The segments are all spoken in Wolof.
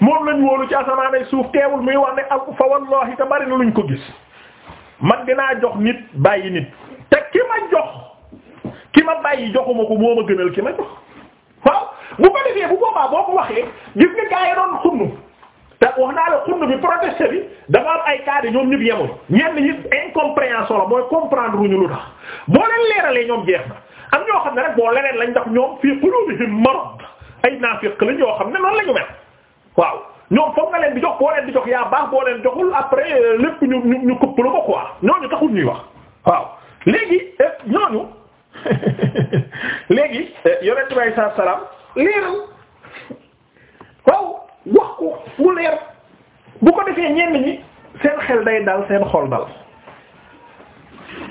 moom lañ wóolu ci asamaan ay suuf teewul muy wax ne ak fa wallahi te bari na luñ ko gis man dinaa jox nit bàyyi nit te ki ma jox ki ma bàyyi joxuma ko moo ma gënal ki ma jox waaw bu ko defee bu boobaa boo ko waxee gis nga gaa yi doon xunnu te wax naa la xunnu bi protesté bi dafa am ay cas de ñoom ñëpp yemuñ ñenn ñi incompréhension la mooy comprendre wuñu lu tax boo leen leeralee ñoom jeex na am ñoo xam ne rek boo leneen lañ ndax ñoom fii qulubihim marad ay naafiq xam ne noonu lañu mel waaw ñoom foog nga leen di jox boo leen di jox yaa baax boo leen joxul après euh, lépp ñu ñu ñu këpp la ko quoi ñooñu taxul ñuy wax waaw léegi euh, ñooñu léegi euh, yonent bi saa salaam leeral waaw wax ko mu leer bu ko defee ñenn ñi seen xel day dal seen xol dal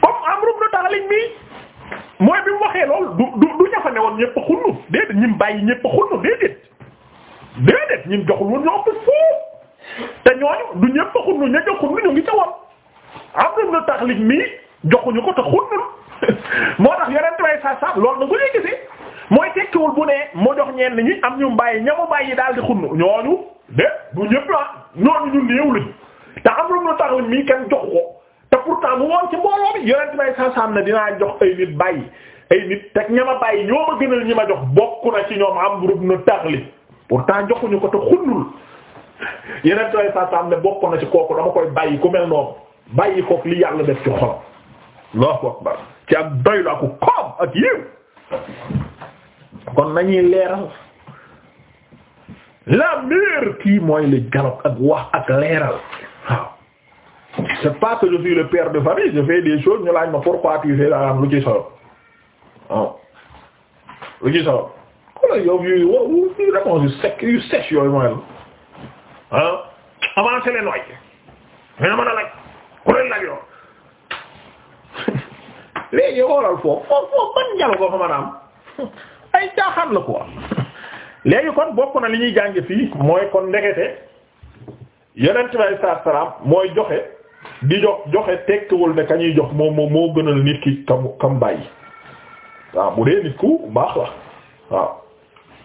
comme am rub na taxaliñ bi mooy bi mu waxee lool du du du woon ñépp xullu déedéet ñim bàyyi ñépp xullu déedéet déedéet ñun joxul woon ñoo ko foofu te ñooñu du ñëpp a xunnu ña jox xunnu ñu ngi ca woon am na taxlik mi joxuñu ko te xunnu moo tax yeneen tubay saa saa loolu na ko ñuy gisee mooy tekkiwul bu ne moo jox ñeen ñenn ñu am ñu bàyyi ñamu bàyyi daal di xunnu ñooñu de du ñëpp la ñooñu ñu néew lañu te am na taxlik mi kenn jox ko te pourtant mu woon ci mbooloo bi yeneen tubay saa saa am na dinaa jox ay nit bàyyi ay nit te ñama bàyyi ñoo ma gënal ñi ma jox bokk na ci ñoom am na taxlik. pourtant joxuñu ko te xunnul yeneen tooy saa saa ne bokk na ci kooku dama koy bàyyi ku mel noonu bàyyi kook li yàlla def ci xolam Allahu akbar ci ak doylu ak koom ak yiw kon nañuy leeral la mère kii mooy li dialogue ak wax ak leeral waaw c'est pas que je le père de famille je fais des ñu laaj ma pourquoi tu fais la am lu ci solo lu ci solo la yow yooyu woo yu réponse yu sec yu sèche yooyu mooy la ah avancé leen waay mais mën a laaj ku leen laaj yoon léegi xoolal foofu foofu foofu njal ko fa mën a am ay caaxaan la léegi kon bokk na li ñuy jàng fii mooy kon ndekete yonent bi alayhi salaam mooy joxe di jox joxe tekkiwul ne ka ñuy jox moom moom moo gënal nit ki kam kam bàyyi waaw bu dee nit ku baax la waaw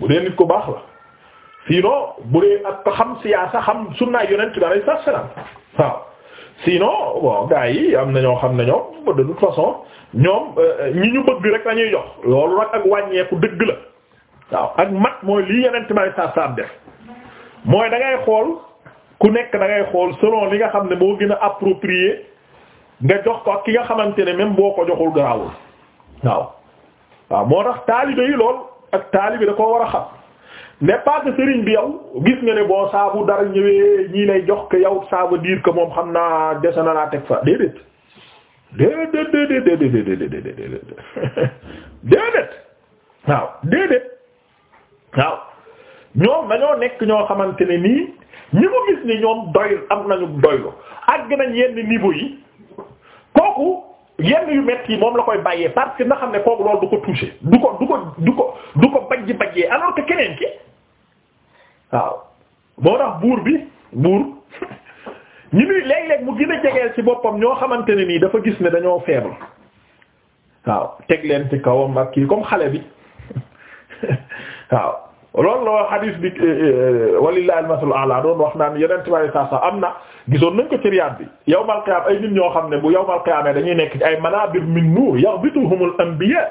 bu dee nit ko baax la sinon bu dee ak xam siyaasa xam sunna yonent bi alayhi salaam waaw sinon bon gars yi am na ñoo xam ne ñoom de toute façon ñoom euh, ñi ñu bëgg rek lañuy jox loolu nag ak wàññeeku dëgg la waaw ak mat mooy lii yonent bi alayhi def mooy da ngay xool ku nekk da ngay xool selon li nga xam ne moo gën a approprié nga jox ko ak ki nga xamante ne même boo ko joxul garaawul waaw waaw moo tax taalibe yi lool. ak taalibi da koo war a xam mais pas que bi yow gis nga ne boo saabu dara ñëwee ñii lay jox ko yow ça diir ko moom xam naa dese na laa teg fa déedéet déedéet déedéet déedéet waaw déedéet waaw ñoom dañoo nekk ñoo xamante ne nii ñi ko gis ni ñoom doy am nañu doylu àgg nañ yenn niveau yi kooku yenn yu metti yi moom la koy bàyyee parce que na xam ne kook loolu du ko touché du ko du ko du ko du ko bajj bajjee alors que keneen ki waaw moo tax buur bi buur ñi muy léeg-léeg mu gën jegeel ci boppam ñoo xamante ne nii dafa gis ne dañoo faible waaw teg leen ci kawam ak kii comme xale bi waaw loolu la wax bi eh, eh, walillahi al-masal ala doon wax naan yeneen tubaab yi sax am na gisoon nañ ko ci riyaad bi yawmal qiyaam ay nit ñoo xam ne bu yawmal qiyaamee dañuy nekk ci ay manaabir min nuur yaghbituhumul anbiyaa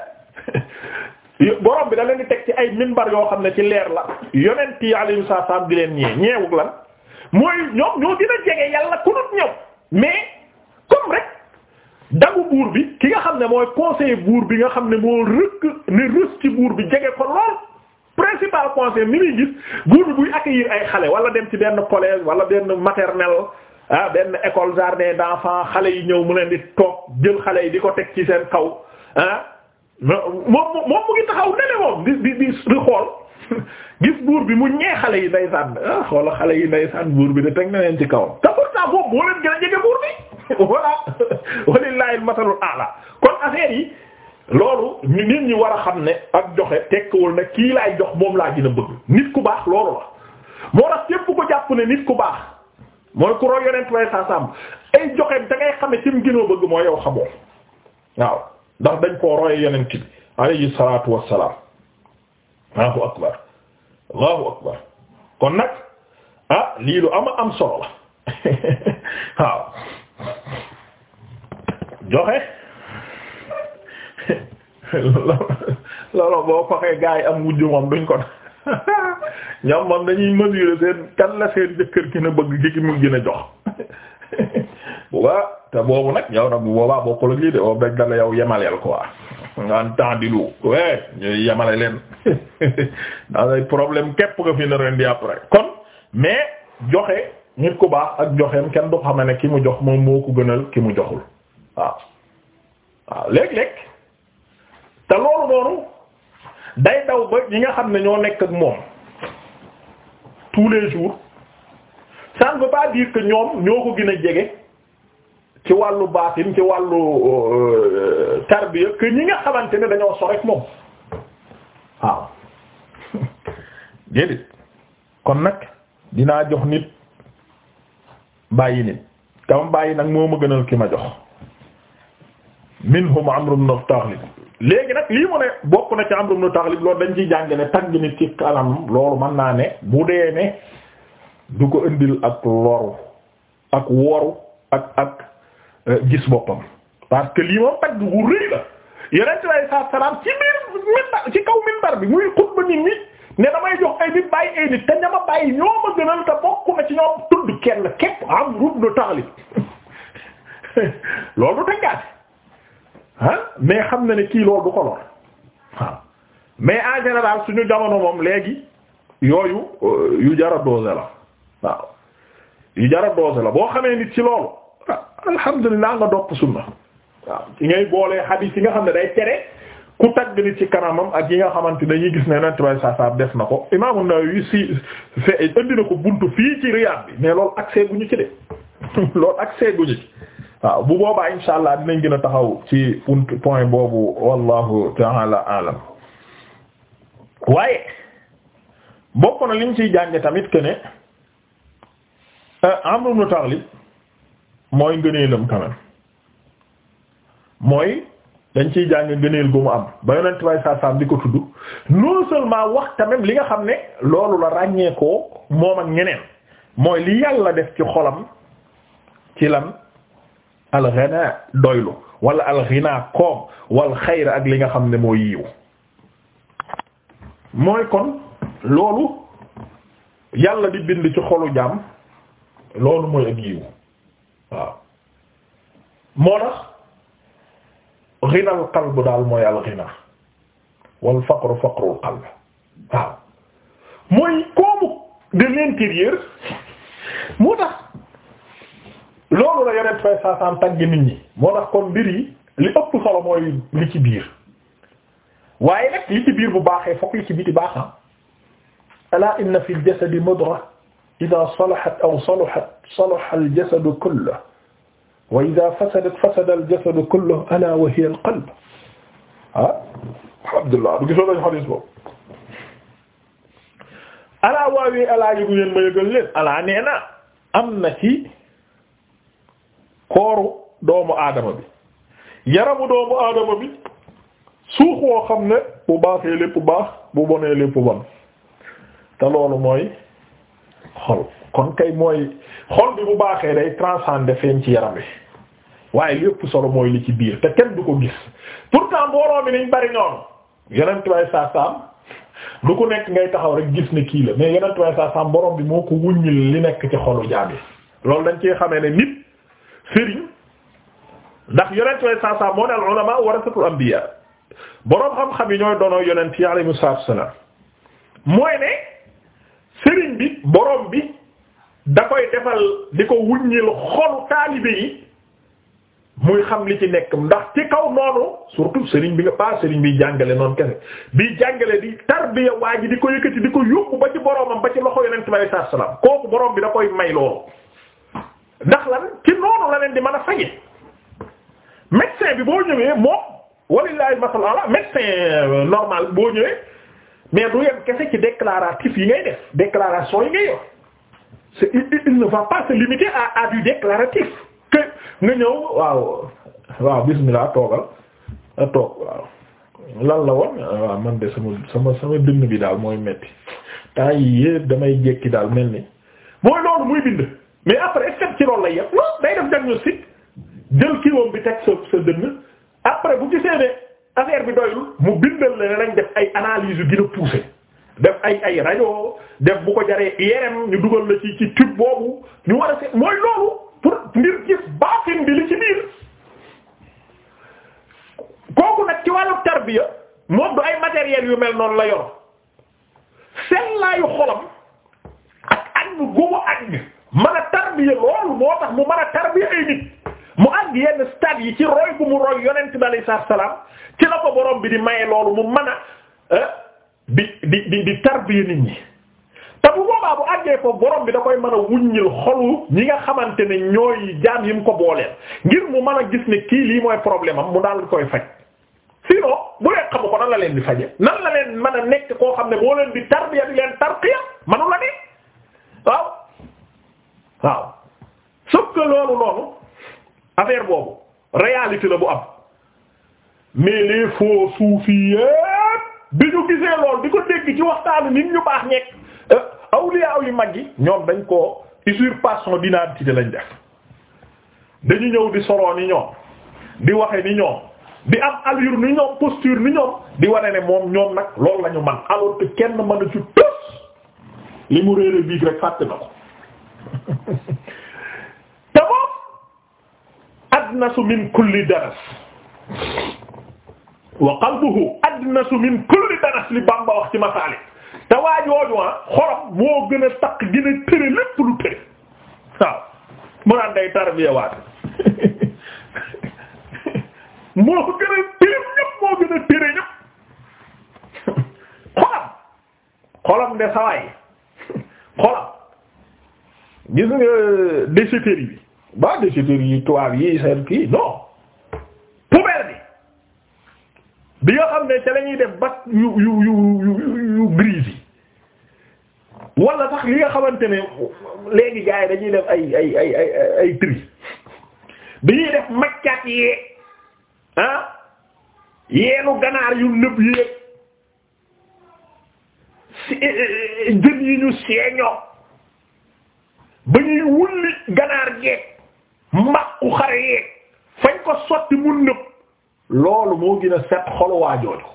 borom bi da leen di teg ci ay minbar yoo xam ne ci leer la yonent yi alayhimu salaam di leen ñee ñeewug lan mooy ñoom ñoo gën jege yàlla ku dul ñëw mais comme rek dagu buur bi ki nga xam ne mooy conseiller buur bi nga xam ne moo rëkk ne rës ci buur bi jege ko lool. principal conseil mi muy gis góor buy accueillir ay xale wala dem ci benn collège wala benn maternelle ah benn école jardin d'enfants xale yi ñëw mu leen di toog jël xale yi di ko teg ci seen kaw ah moom moom mu ngi taxaw nene moom di di di di xool gis buur bi mu ñee xale yi ndeysaan ah xoola xale yi ndeysaan buur bi de teg na leen ci kaw te pourtant boobu boo leen gën a jege buur bi voilà walillahi al masalul a'la kon affaire yi loolu ñu nit ñi war a xam ne ak joxe tekkiwul ne kii laay jox moom laa gën a bëgg nit ku baax loolu la moo tax képp ko jàpp ne nit ku baax mooy ku roy yonent way sa sam ay joxe da ngay xame ci mu gën bëgg mooy yow xamoo waaw ndax dañ ko roye yonent bi alayhi salaatu wassalaam allahu akbar allahu akbar kon nag ah lii lu am am solo la waaw joxe looloo boo koxee gaa yi am wujj moom duñ ko ñoom moom dañuy mesurer seen kan seen jëkkër gën a bëgg ci ki mu gën a jox bu te boobu nag yow nag bu boobaa bokkul ak lii de boobu dala yow yemaleel quoi en temps di lu we ñuy yemale leen daa lay problème képp nga fi na ren après kon mais joxe nit ku baax ak joxeem kenn du xam ne ki mu jox moom moo ko gënal ki mu joxul waaw waaw léeg-léeg loolu day daw ba ñi nga xam ne ñoo nekk ak moom tous les jours ça ne veut pas dire ñoom ñoo ko gën a jege ci wàllu baatin ci wàllu euh, tarbiya que ñi nga xamante ne dañoo sorek moom waaw déedéet kon nag dinaa jox nit bàyyi nit kam bàyyi nag moo ma gënal ki ma jox minhum Amr ibn Taghlib léegi nag lii mu ne bokk na ci amru ibn taghlib loolu dañ ciy jàng ne tagg nit ci kanam loolu mën naa ne bu dee ne du ko indil ak loru ak woru ak ak euh, gis boppam parce que lii moom tagg gu rëy la yeneen ci lay saa salaam ci biir minbar ci kaw minbar bi muy xutba nit ñi ne damay jox ay nit bàyyi ay nit te ñama bàyyi ñoo ma gënal te bokk na ci ñoom tudd kenn képp amru ibn taghlib loolu du tënkaat. ah mais xam na ni kii loolu du ko lor waaw mais en général suñu jamono moom léegi yooyu euh, yu jara doose la waaw yu jara doose la boo xamee nit ci loolu ah alhamdulilah nga dopp sunna waaw ki ngay boolee hadith ki nga xam ne day tere ku tagg nit ci kanamam ak yi nga xamante ne dañuy gis ne Yonent bi saa saa def na ko Imaam na nawawi si fe indi na ko buntu fii ci Riyad bi mais loolu accès bu ñu ci de loolu accès gu ñu ci. waaw bu boobaa insha allah dinañ gën a taxaw ci point boobu wallahu taala alam waaye bokk na liñ ciy jànge tamit que ne euh, Amr ibn Taghlib mooy ngëneelam quand mooy dañ ciy jàng ngëneel gu mu am ba yonent bay saa saam di ko tudd non seulement wax tamit li nga xam ne loolu la ràññeekoo moom ak ñeneen mooy li yàlla def ci xolam ci lan alxanaa doylu wala alxinaa koom wal xayr ak li nga xam ne mooy yiw mooy kon loolu yàlla di bind ci xolu jaam loolu mooy ak yiw waaw moo tax xinal qalb daal mooy alxinaa wal faqru faqrul qalb waaw mooy koomu de l'intérieur moo tax loolu la yonent fay saasaam tagg nit ñi moo tax mbir yi li ëpp solo li ci biir waaye nag li ci biir bu baaxee fokk li ci biti alaa inna fi ljasadi mudra ida salahat aw salahat salaha aljasadu kulluhu wa alaa wa hiya alqalb ah bu gisoo dañ xadis boobu alaa waawee alaa yëgu ngeen ma yëgal leen am na kooru doomu aadama bi yaramu doomu aadama bi suux woo xam ne bu baaxee lépp baax bu bonee lépp bon te loolu mooy xol kon kay mooy xol bi bu baaxee day transcender feeñ ci yaram wi waaye lépp solo mooy li ci biir te kenn du ko gis pourtant mbooloo mi niñ bari noonu yonent way saa saam ku nekk ngay taxaw rek gis ne kii la mais yonent way saa saam bi moo ko wuññil li nekk ci xolu jaam loolu dañ ci xamee ne nit sëriñ ndax yonent way saa saa moo ne al ulama warasatul anbiya boroom xam-xam yi ñooy doonoo yonent yi alayhimu salaam mooy ne sëriñ bi boroom bi da koy defal di ko wuññil xolu taalibe yi muy xam li ci nekk ndax ci kaw noonu surtout sëriñ bi nga pas sëriñ biy jàngale noonu kese biy jàngale di tarbiya waa ji di ko yëkkati di ko yóbbu ba ci boroomam ba ci loxo yonent bi alayhi salaam kooku boroom bi da koy may loolu ndax lan ci noonu la leen di mën a faje médecin bi boo ñëwee moom walillahi masal ala médecin euh, normal boo ñëwee mais du yem kese ci déclaratif yi ngay def déclaration yi ngay yor c'est il ne va pas limiter à du déclaratif que nga ñëw waaw waaw bismillah toogal a toog waaw la woon ah, waaw man de sama sama sama dënn bi daal mooy metti temps damay jekki daal mel ni mooy loolu muy bind mais après est-ce que ci loolu lay yem non day def diagnostic jël kiiwam bi teg sa sa dënn après bu gisee ne affaire bi doyul mu bindal la ne def ay analyse yu gën a poussé def ay ay rajo def bu ko jaree IRM ñu dugal la ci ci tube boobu ñu war a seet mooy loolu pour ngir gis baatin bi li ci biir kooku nag ci wàllu tarbiya moom du ay matériel yu mel noonu la yor sellaayu xolam ak àgg gu mu àgg mën tarbiya loolu moo tax mu mën a tarbiya ay nit mu àgg yenn stade yi ci roy bu mu roy yonent bi alayhi salaam ci la ko boroom bi di maye loolu mu mën a eh, di di di di tarbiya nit ñi te bu boobaa bu àggee ko borom bi da koy mën a wuññil xolu ñi nga xamante ne ñooy jaam yi mu ko booleel ngir mu mën a gis ne kii lii mooy problème am mu daal koy faj sinon bu leen xamu ko nan la leen di faje nan la leen mën a nekk koo xam ne boo leen di tarbiya di leen tarqiya manu la ne waaw sauf que loolu loolu affaire boobu réalité la bu am mais les faux soufis yépp di ñu gisee loolu di ko dégg ci waxtaanu nit ñu baax ñekk euh, aw yu mag yi ñoom dañ ko usurpation d'identité lañ def dañu ñëw di soloo yi ñoom di waxe ni ñoom di am allure ni ñoom posture ni ñoom di wane ne moom ñoom nag loolu lañu ñu man alors kenn mënu ci tos li mu réere biig rek fàtte na ko te moom adnasu min kulli daras wa qalbuhu adnasu min kulli daras li Bamba wax ci masaalik te waa jooju ah xorom moo gën a taq gën a tëre lépp lu tëre waaw mu naan day tarbiya waat moo gën a tëre ñëpp moo gën a tëre ñëpp xolam gis nga déchetterie bi ba déchetterie yi tubaab yi seen kii non poubelle bi bi nga xam ne ca la ñuy def bat yu yu yu yu yu yi wala sax li nga xamante ne léegi gars yi dañuy def ay ay ay ay ay tri def maccaat yee ah yeenu ganaar yu nëb yéeg si eh, eh, eh, yi ñu seeñoo ba ñuy wulli ganaar geeg mbaqu xare yeeg fañ ko sotti mu nëb loolu moo gën a set xolu waa jooju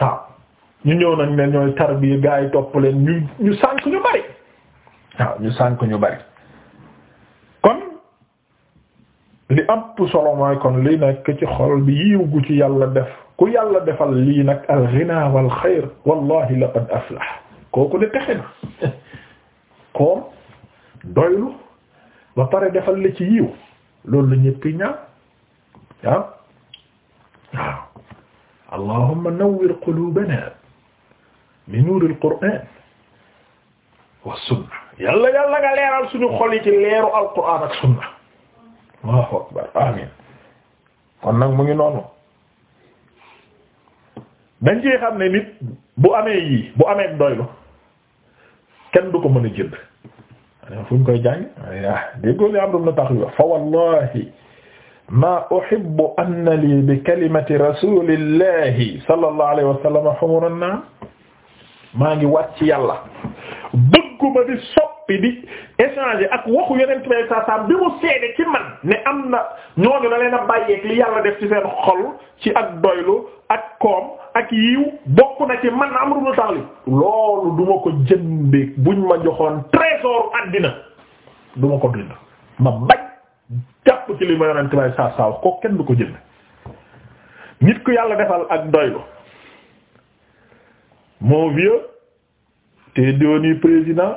waaw ñu ñëw nañ ne ñooy tarbiya gaa yi topp leen ñu ñu sànk ñu bari waaw ñu sànk ñu bari kon li am solo kon li nekk ci xol bi yiw gu ci yàlla def ku yàlla defal lii nag al ghina wal xayr wallahi laqad aflah kooku ne texe na koom doylu ba pare defal la ci yiw loolu la ñëpp ñaan waaw waaw allahumma nawwir qulubana bi nuuril qur'an wa sunna yàlla yàlla nga leeral suñu xol yi ci leeru alqur'an ak sunna allahu akbar amin kon nag mu ngi noonu dañ ci xam ne nit bu amee bu amee doylu kenn du ko mën a jënd fu ñu koy jàng ah, déggoo li Amru ibn Taxwiya fa wallahi ma uhibbu anna li bi kalimati rasulillahi sallallahu alayhi wa sallam xumuran maa ngi wat ci yàlla dugg ba di soppi di échanger ak waxu yeneen tubay saa saa bi mu seede ci man ne am na ñooñu da leen a bàyyeeg li yàlla def ci seen xol ci ak doylu ak koom ak yiw bokk na ci man am lu tax li loolu duma ko jëndee buñ ma joxoon trésor àddina duma ko dund ma bañ jàpp ci li ma yeneen tubay saa saa wax ko kenn du ko jënd nit ku yàlla defal ak doylu mon vieux. te dooni président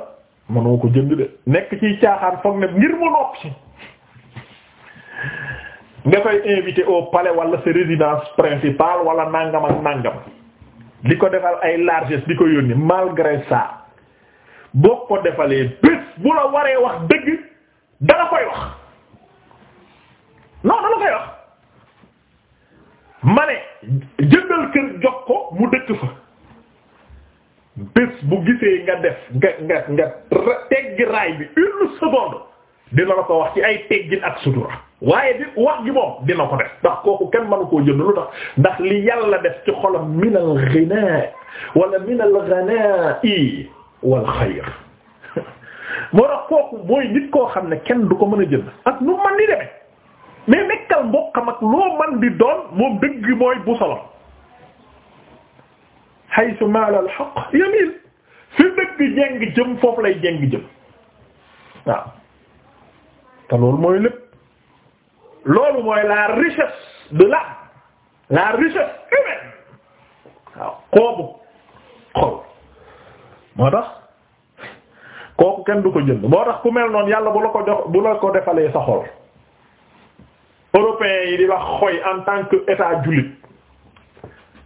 mënoo ko jënd de nekk ci caaxaan foog ne ngir mu noppi nga koy invité au palais wala sa résidence principale wala nangam ak nangam di ko defal ay largesse di ko yónni malgré ça boo ko defalee bés bu la waree wax dëgg dala koy wax non dala koy wax ma ne jëndal kër jox ko mu dëkk fa bés bu gisee nga def nga nga nga teggi raay bi une seconde dina la ko wax ci ay teggin ak sutura waaye di wax gi moom dina ko def ndax kooku kenn mënu koo jënd lu tax ndax li yàlla def ci xolom min al ghina wala min al ghana'i wal xayr moo tax kooku mooy nit koo xam ne kenn du ko mën a jënd ak nu man di demee mais nekkal mbokkam ak loo man di doon moom dëgg mooy bu salam haythu maala al haqq yamiil fi dëgg jeng jëm foofu lay jeng jëm waaw te loolu mooy lépp loolu mooy la richesse de la la richesse humaine waaw xol moo tax kooku kenn du ko jënd moo tax ku mel noonu yàlla bu la ko jox defalee sa xol européens yi di la xoy en tant que état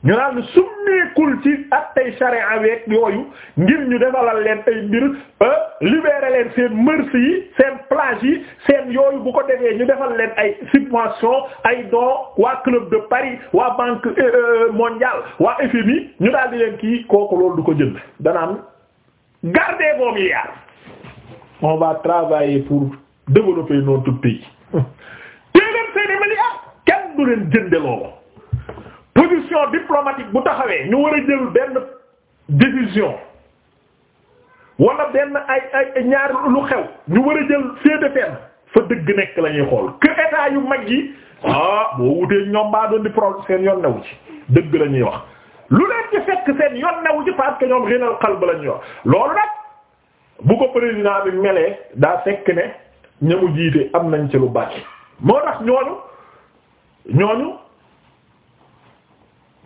ñu naan summeekul ci ak tey charia week yooyu ngir ñu defalal leen ay mbir euh, libérer leen seen mœurs yi seen plage yi seen yooyu bu ko defee ñu defal leen ay subvention ay doo waa club de Paris waa banque euh, euh, mondiale waa FMI ñu daal di leen kii kooku loolu du ko jënd danaam garder vos milliards on va travailler pour développer notre pays téeléen seeni milliards kenn du leen jënde loolu position diplomatique bu taxawee ñu war a jël benn décision wala benn ay ay ñaar lu xew ñu war a jël féete fenn fa dëgg nekk la ñuy xool que mag yi ah boo wutee ñoom baa doon di problème seen yoon newu ci dëgg la ñuy wax lu leen ci fekk seen yoon ci parce que ñoom rénal xal ba la ñuy wax loolu nag bu ko président bi melee daa fekk ne ñamu jiite am nañ ci lu bàcc moo tax ñooñu ñooñu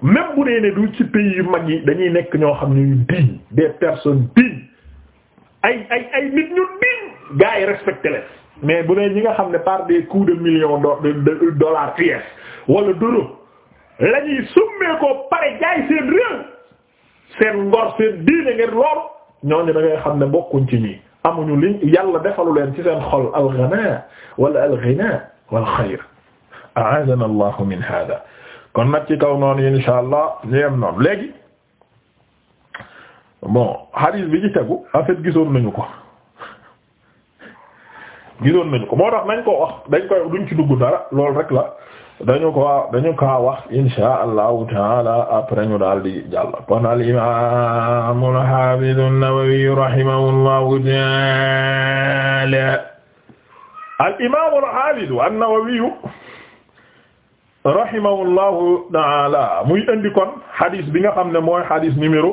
même bu dee ne du ci pays yu mag yi dañuy nekk ñoo xam ne ñu digne des personnes ay ay ay nit ñu digne gars yi respecté leen mais bu dee ñi nga xam ne par des coups de millions de dollars pièce wala d'euros la ñuy summee ko pare jaay seen réew seen ngor seen diine ngeen lool ñooñu da ngay xam ne bokkuñ ci ñi amuñu li yàlla defalu leen ci seen xol al ghina wala al ghina wal xayr a'adana allah min hada kon nag ci kaw noonu insha allah ñu bi ci tegu en fait gisoon nañu ko gisoon nañu ko moo tax nañ ko wax dañ koy ci dugg dara loolu rek la dañu ko dañu kaa wax taala après daal di jàll kon al imam al hafiz an-Nawawi rahimahullahu taala al imam al hafiz an-Nawawi rahimahullahu taala muy indi kon hadis bi nga xam ne mooy hadis numéro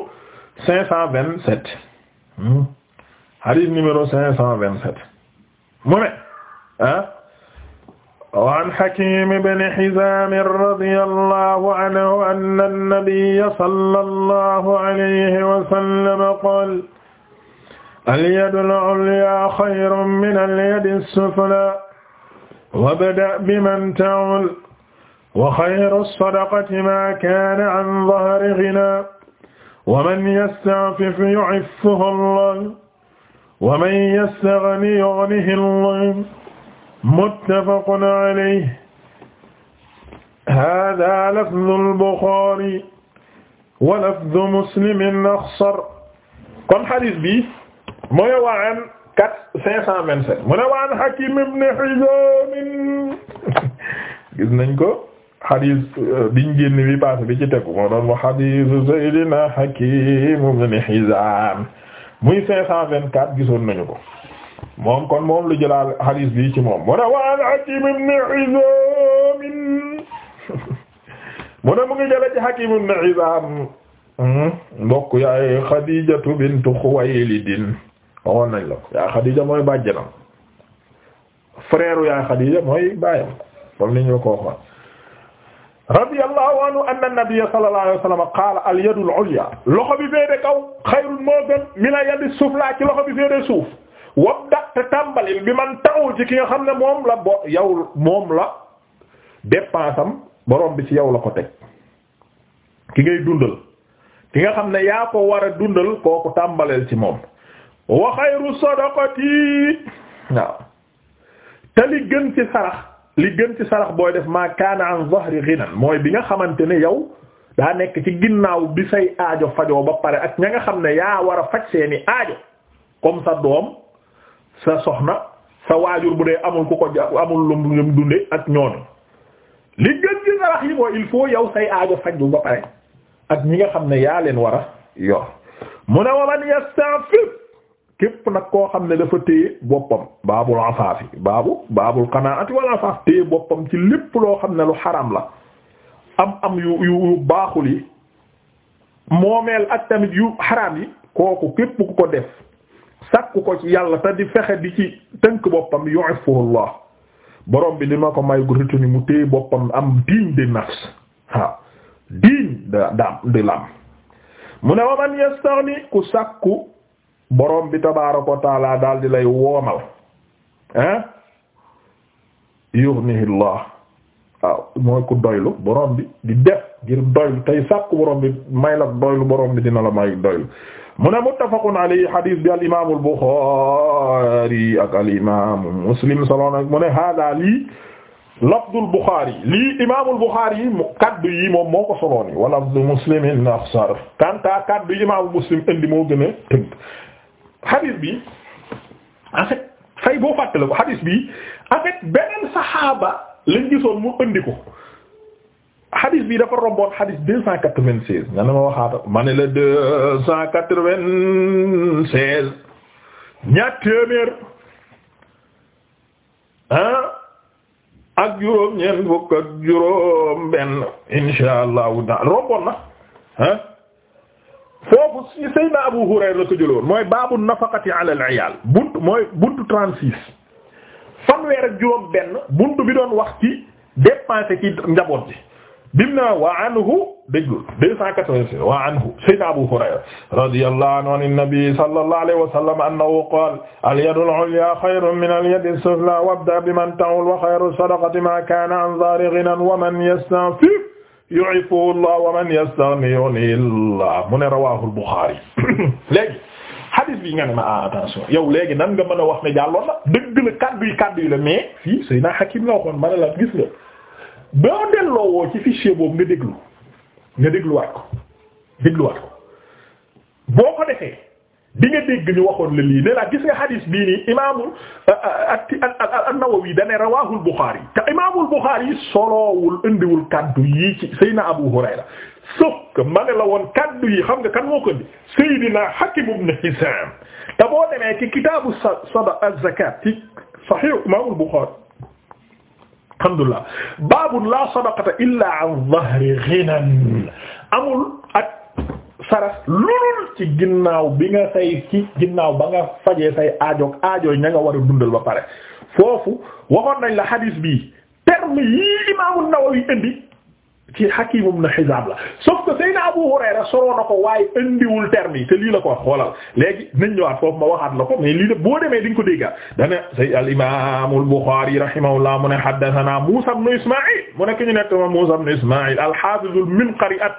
cinq cent vingt sept hadis hmm? numéro cinq cent vingt sept mu ne ah waan Hakim ibn Hizam radiyallahu anhu anna an-nabiyya sallallahu alayhi wa sallam qala al-yadu al-ulya khayrun min al-yadi as-sufla wabda' biman ta'ul wa xayru sadaqati maa kaana an dahri ghinaa wa man yasta'fif yu'iffuhu Allah wa man yastaghni yughnihi Allah muttafaqun alayhi haaza lafzul Buxaari wa lafzu Muslimin axsar kon hadiis bi mu ne wa an cinq cent vingt-sept mu ne wa an Hakiim ibn Hizaam gis nañ ko xadis euh, biñ génn bi paase bi ci tegu moo doon wa xadisu Seydina Hakim ibn Hizam muy cinq cent vingt-quatre gisoon nañu ko moom kon moom lu jëlaal xadis bi ci moom mu ne waan Hakim ibn mu ngi jële ci Hakim ibn Hizam hmm? mbokk yaay Xadijatu bintu Xuwaylid waxoon nañ la ko yaay Xadija mooy bàjjanam frère yaay Xadija mooy baayam comme ni ñu ko waxoon radiyallahu anhu anna nabiyya sallallahu alayhi wa sallam qaala al yadul ulya loxo bi féete kaw xayrun moo mi la yadi sufla ci loxo bi féete suuf wabda te tàmbali bi man tawul ci ki nga xam ne moom la bo yow moom la dépense am borom bi ci yow la ko teg ki ngay dundal ki nga xam ne yaa ko war a dundal kooku tàmbaleel ci moom wa xayru sadaqati waaw te li gën ci sarax li gën ci sarax booy def maa kaana an zahri ghinan mooy bi nga xamante ne yow daa nekk ci ginnaaw bi say aajo fajoo ba pare ak ña nga xam ne yaa war a faj seeni aajo comme sa doom sa soxna sa waajur bu dee amul ku ko amul lu dunde ak ñooñu li gën yow say aajo faju ba pare ñi nga xam ne yaa leen wara a yor mu ne waman képp nag koo xam ne dafa téye boppam baabul afaafi baabu baabul qanaati wal afaaf téye boppam ci lépp loo xam ne lu xaram la am am yu yu baaxul yi moomeel ak tamit yu xaram yi kooku képp ku ko def sàkku ko ci yàlla te di fexe di ci tënk boppam yu'iffuhu Allah borom bi ma ko may gu retenu mu téye boppam am digne de nafs waaw digne de de mu ne wa man yastaghni ku sàkku borom bi tabaaraka wa taala daal di lay woomal ah yughnihillah waaw mooy ku doylu borom bi di def ngir doylu tey sàkku borom bi may la doylu borom bi dina la may doylu mu ne muttafaqun alayhi hadith bi al imaam al Bukhari ak al imaam Muslim solo nag mu ne hada lii lafdul Bukhari lii imaamul Bukhari yi kaddu yi moom moo ko soloon yi wa lafdu Muslimin akhsar kanta kaddu yi imaamul Muslim indi moo gën a tënk hadith bi en fait fay boo fàttale ko hadith bi en fait beneen saxaaba lañ gisoon mu indi ko hadith bi dafa romboon hadith deux cent quatre-vingt-seize nga ne ma waxaata ma la deux cent quatre-vingt-seize ñaar téeméer ah ak juróom ñeent fukk ak juróom benn insha allahu taala romboon na ah foofu si Seydina Abu Hurayra la ko jëloon mooy baabu nafaqati ala al-iyaal buntu mooy buntu 36 fanweer ak juróom benn buntu bi doon wax ci dépenser ci njaboot ji bim na wa anhu déglu 286 wa anhu Seydina Abu Hurayra radiyallahu anhu an nabi sallallahu alayhi wa sallam annahu qaala al-yadu al-ulyaa xayrun min al-yadi as-suflaa wabda' biman ta'ul wa xayru as-sadaqati maa kaana an dhaari ghinan wa man yasta'fif yu'iffuhu Allah wa man yastaghni yughnihi Allah mu ne rawaahul Bukhari léegi hadis bi nga ne ma ah attention yow léegi nan nga mën a wax jàll jàlloon la dëgg la kaddu yi kaddu yi la mais fii Seydina Hakim la waxoon ma ne la gis la boo delloo woo ci fichier boobu nga déglu nga dégluwaat ko dégluwaat ko boo ko defee. di nga dégg ñu waxoon la lii ne la gis nga hadis bii nii imaamul euh, an-Nawawi da ne rawaahul Buxaari te imaamul Buxaari soloowul indiwul kaddu yi ci Seydina Abu Hurayra sauf que ma ne la woon kaddu yi xam nga kan moo ko indi Seydina Hakim ibn Hisaam te boo demee ci kitaabu sada az-zakaat ci Sahih imaamul Buxaari alhamdulillah baabun laa sadaqata illaa an dhahri ghinan amul xaras lulul ci ginnaaw bi nga say ci ginnaaw ba nga fajee say aajoog aajooy ña nga war a dundal ba pare foofu waxoon nañ la hadis bi terme yii imaamu Nawawi indi ci Hakim ibn Hizam la sauf que Seydina Abu Hurayra soroo na ko waaye indiwul terme yi te lii la ko wax xoolal léegi nañ ñëwaat foofu ma waxaat la ko mais lii de boo demee di nga ko dégga dana say al imam al Bukhari rahimahullah mu ne haddathana Musa ibn Isma'il mu nekk ñu nekk ma Musa ibn Isma'il al-Hafiz al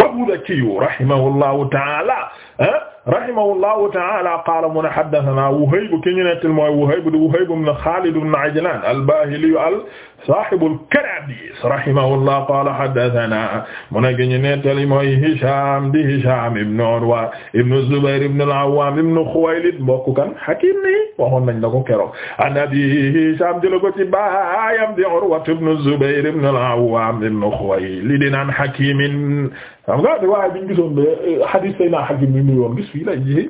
Tabuzaki rahimahullahu ta'ala ah, rahimahullahu ta'ala qaala mu ne haddathana Wuhayb ki ñu nettal mooy Wuhayb di Wuhayb ibn Khalid ibn Ajlan al-Bahili al-sahib al-Karabis rahimahullah qaala haddathana mu ne ki ñu nettal mooy Hisham di Hisham ibn Urwa ibn Zubayr ibn al-Awwam ibn Khuwaylid mbokk kan Hakim ni waxoon nañ la ko keroog an abi Hisham jëla ko ci baayam di Urwa ibn Zubayr ibn al-Awwam ibn Khuwaylid an Hakim xam nga waaye biñ gisoon eh, hadith sayna Hakim bi mu yoon gis fii la ji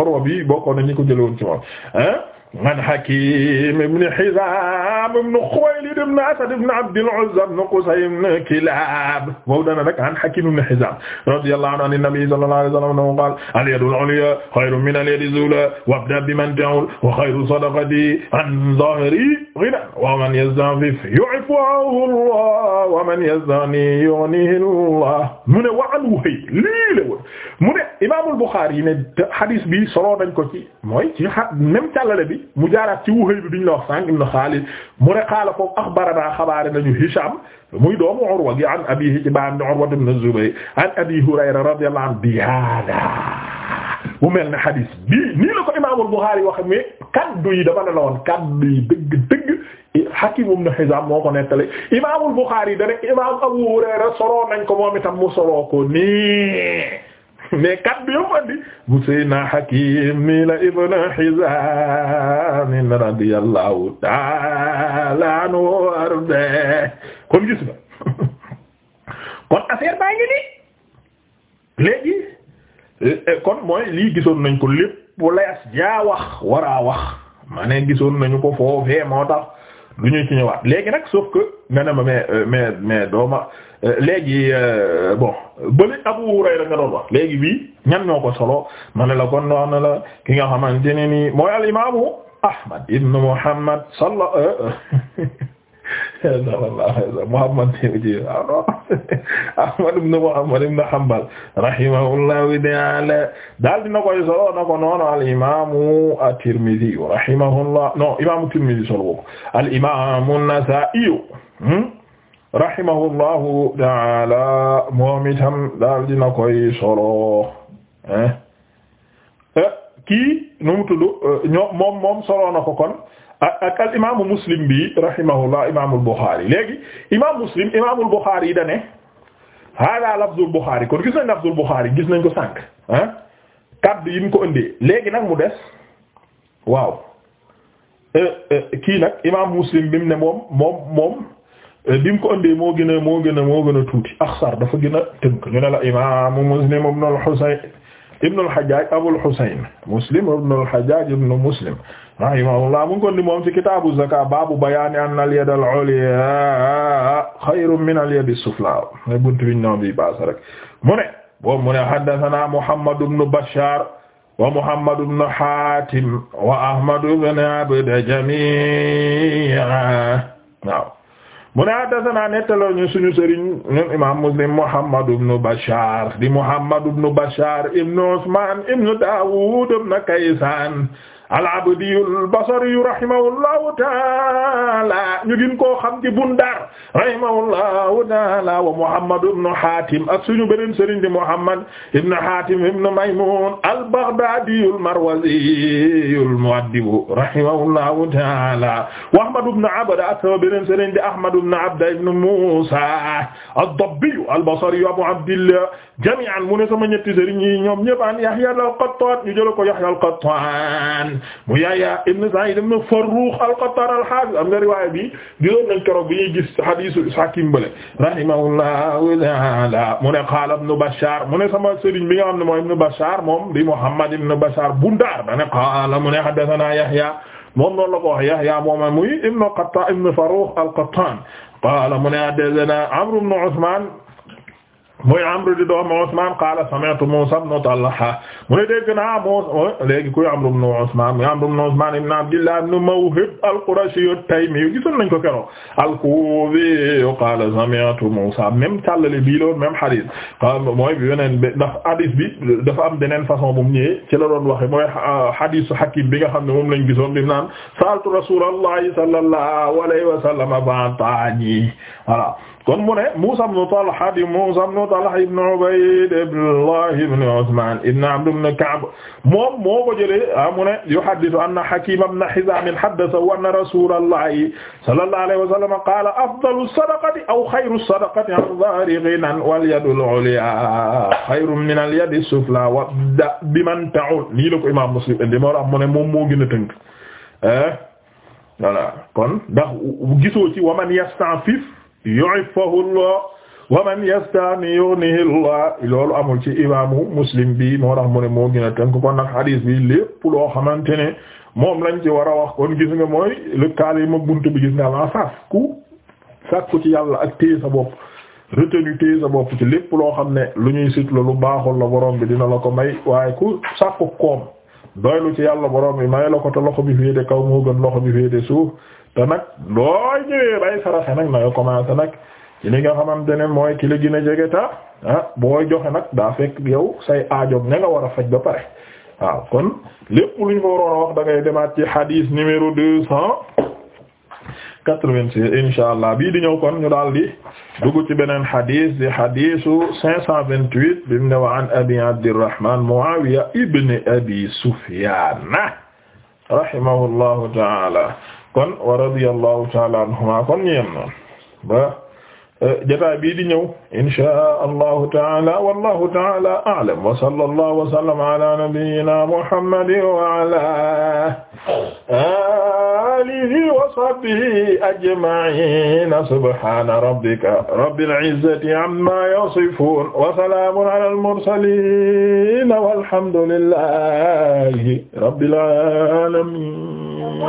Urwa eh, bi bokkoon na ñu ko jëlee woon ci moom ah. man Hakim ibn Hizam ibn Khuwaylid ibn Asad ibn Abd al-Uzza ibn Qusay ibn Kilab wow dana nag an Hakim ibn Hizam radiyallahu anhu an nabi sallallahu alayhi wa sallam annahu qala al-yadu al-ulya khayrun min al-yadi al-sufla wabda biman ta'ul wa khayru sadaqati an dhahri ghinan wa man yastanfif yu'fihi Allah wa man yastaghni yughnihi Allah mu ne wa anhu lii la woon mu ne Imam al-Bukhari ne hadith bi solo dañ ko ci mooy ci même tallale bi mu jaaraat ci Wuhayb bi bi ñu la wax sànq ibn Xaalid mu ne xaala foofu axbaranaa xabaare nañu Hisham muy doomu Urwa gi an abiihi ci baam ni Urwa ibn Zubayr an Abi Hurayra radiyallahu anhu mu mel ne xadis bii nii la ko imaamul Buxaari wax mais kaddu yi dama ne la kaddu yi dëgg dëgg Hakim ibn Hizam moo ko nettali imaamul Buxaari da rek imaam Abu Hurayra soloo nañ ko moom itam mu soloo ko nii mais kaddu yëpp andi bu Seydina Hakim mi la ibn Hizam radiyallahu ta'ala anhu arda kon gis nga kon affaire baa ngi nii léegi eh, kon mooy lii gisoon nañ ko lépp lees jaa wax waraa wax ma ne gisoon nañu ko foofee moo tax du ñu ci ñëwaat léegi nag sauf que nga ne ma mais euh, mais mais dooma léegi euh, bon bële Abu Hurayra nga doon wax léegi ñan ñoo ko solo ma ne la kon wax na la ki nga xamante ne nii mooy al imaamu Ahmad ibn euh, euh, Muhammad Ahmad ibn Muhammad ibn Hanbal rahimahullahu ta'ala daal dina koy solo na ko al imaamu at-Tirmidhi rahimahullah non imaamu al nasai hmm? rahimahullahu taala moom itam daal dina koy solo eh, kii nu mu eh, moom moom solo na ko kon ak al imaamu muslim bi rahimahullah imaamul buxaari léegi imaam muslim imaamul buxaari yi da ne hada lafzul buxaari kon gis nañ ko sànq ah yi ko ëndee léegi nag mu des waaw eh, kii nag imaam muslim bi mu ne moom moom. Euh, bi mu ko andee moo gën a moo gën dafa gën la imam muslim ibn al-husayn ibn al-hajjaj abu al muslim ibn al-hajjaj ibn muslim rahimahullah al-yad al-ulya xayrun al-yad as-sufla ne buntu muhammad ibn bashar wa Muhammad ibn Hatim wa Ahmad ibn Abd jami'a waaw mu ne haddasanaa nettaloo ñu suñu sëriñ ñun imaam Muslim Muhammad ibn Bashar di Muhammad ibn Bashar ibn Usman ibn Dawud ibn Kaysan al-Abdiyul Basriyu rahimahullahu taala ñu gën koo xam ci Bundar rahimahullahu taala wa Muhammad ibn Hatim ak suñu beneen sëriñ di Muhammad ibn Hatim ibn Maymun al-Baghdadiyul Marwaziyul Muaddibu rahimahullahu taala wa Ahmad ibn Abda ak sama beneen sëriñ di Ahmad ibn Abda ibn Musa ad-Dabbiyu al-Basriyu Abu Abdillah jami'an mu ne sama ñetti sëriñ yi ñoom ñëpp an Yahya al-Qattan ñu jël ko Yahya al-Qattan mu Yahya ibn Sa'id ibn Farrukh al-Qattan al-Hafiz am na riwaaya bi gisoon nañ keroog bi ñuy gis hadiisu Hakim bale rahimahullahu ta'ala mu ne qaala ibn Bashar mu ne sama sëriñ bi nga xam ne mooy ibn Bashar moom di Muhammad ibn Bashar Bundar dane qaala mu ne haddathana Yahya moom noonu la ko wax Yahya mooma muy ibn Qattan ibn Farrukh al-Qattan qaala mu ne haddathana Amr ibn Uthman muy Amr di doomu Usmaan qaala sami'tu Muusaa ibn Talha mu ne dégg naa Muusaa léegi kuy Amr ibn Usmaan muy Amr ibn Usmaan ibn Abdillah ibn Mawhib al-Qurashi at-Taymi gisoon nañ ko keroog al-Kuufi qaala sami'tu Muusaa même tallale bii loolu même hadith mooy beneen bi ndax hadith bi dafa am beneen façon bu mu ñëwee ci la doon waxe mooy hadithu ah, Hakim bi nga xam ne moom lañ gisoon bi mu naan sa'altu Rasuulallahi sallallahu alayhi wa sallam fa a'taani voilà kon mu ne Muusaa ibn Talha di Muusaa ibn Talha ibn Ubaydullah ibn Usmaan ibn Amr ibn Ka'b moom moo ko jëlee ah mu ne yuhaddisu anna Hakiim ibn Hizaam haddasahu anna Rasuulallahi sallallahu alayhi wa sallam qaala afdalu sadaqati aw xayru sadaqati an-nazaari ghinan wal-yadu al-'ulyaa xayrun mina al-yadi as-suflaa wabda' biman ta'ul nii la ko imaam Muslim indi moo tax mu ne moom moo gën a tënk eh, voilà kon ndax gisoo ci waman yasta'fif yooy loo Allah wa man yasta'ni yughnihi Allah loolu amul ci imaamu muslim bi moo tax mu ne moo gën a tënk kon nag xadiis bi lépp loo xamante ne moom lañ ci war a wax kon gis nga mooy lëkkaale ma bunt bi gis nga la sàkku sàkku ci yàlla ak téye sa bopp retenu téye sa bopp ci lépp loo xam ne lu ñuy sit la lu baaxul la borom bi dina la ko may waaye ku sàkku koom doylu ci yàlla borom bi may la ko te loxo bi féete kaw moo gën loxo bi féete suuf te nag looy ñëwee bay saraxe nag na nga commencé nag ci li nga xamante ne mooy ki la gën ta ah booy joxe nag daa fekk yow say aajoog ne nga war a faj ba pare waaw kon lépp lu ñu ko waroon a wax da demaat ci hadis numéro deux cent quatre-vingt-six insha allah bii di ñëw kon ñu daal di dugg ci beneen hadis di hadisu cinq vingt-huit bi mu ne wa an abdirrahman muawiya ibn abi sufyan rahimahullahu taala kon wa radiyallahu ta'ala anhuma kon ñu yem noonu ba eh, jotaay bii di ñëw inshaa allahu ta'ala wallahu ta'ala a'lam wa sallallahu wa sallama ala nabiyyina muhammadin wa ala alihi wa sahbihi ajma'in subhana rabbika rabbil izzati amma yasifun wa salamun ala al mursalin walhamdulillahi rabbil alamin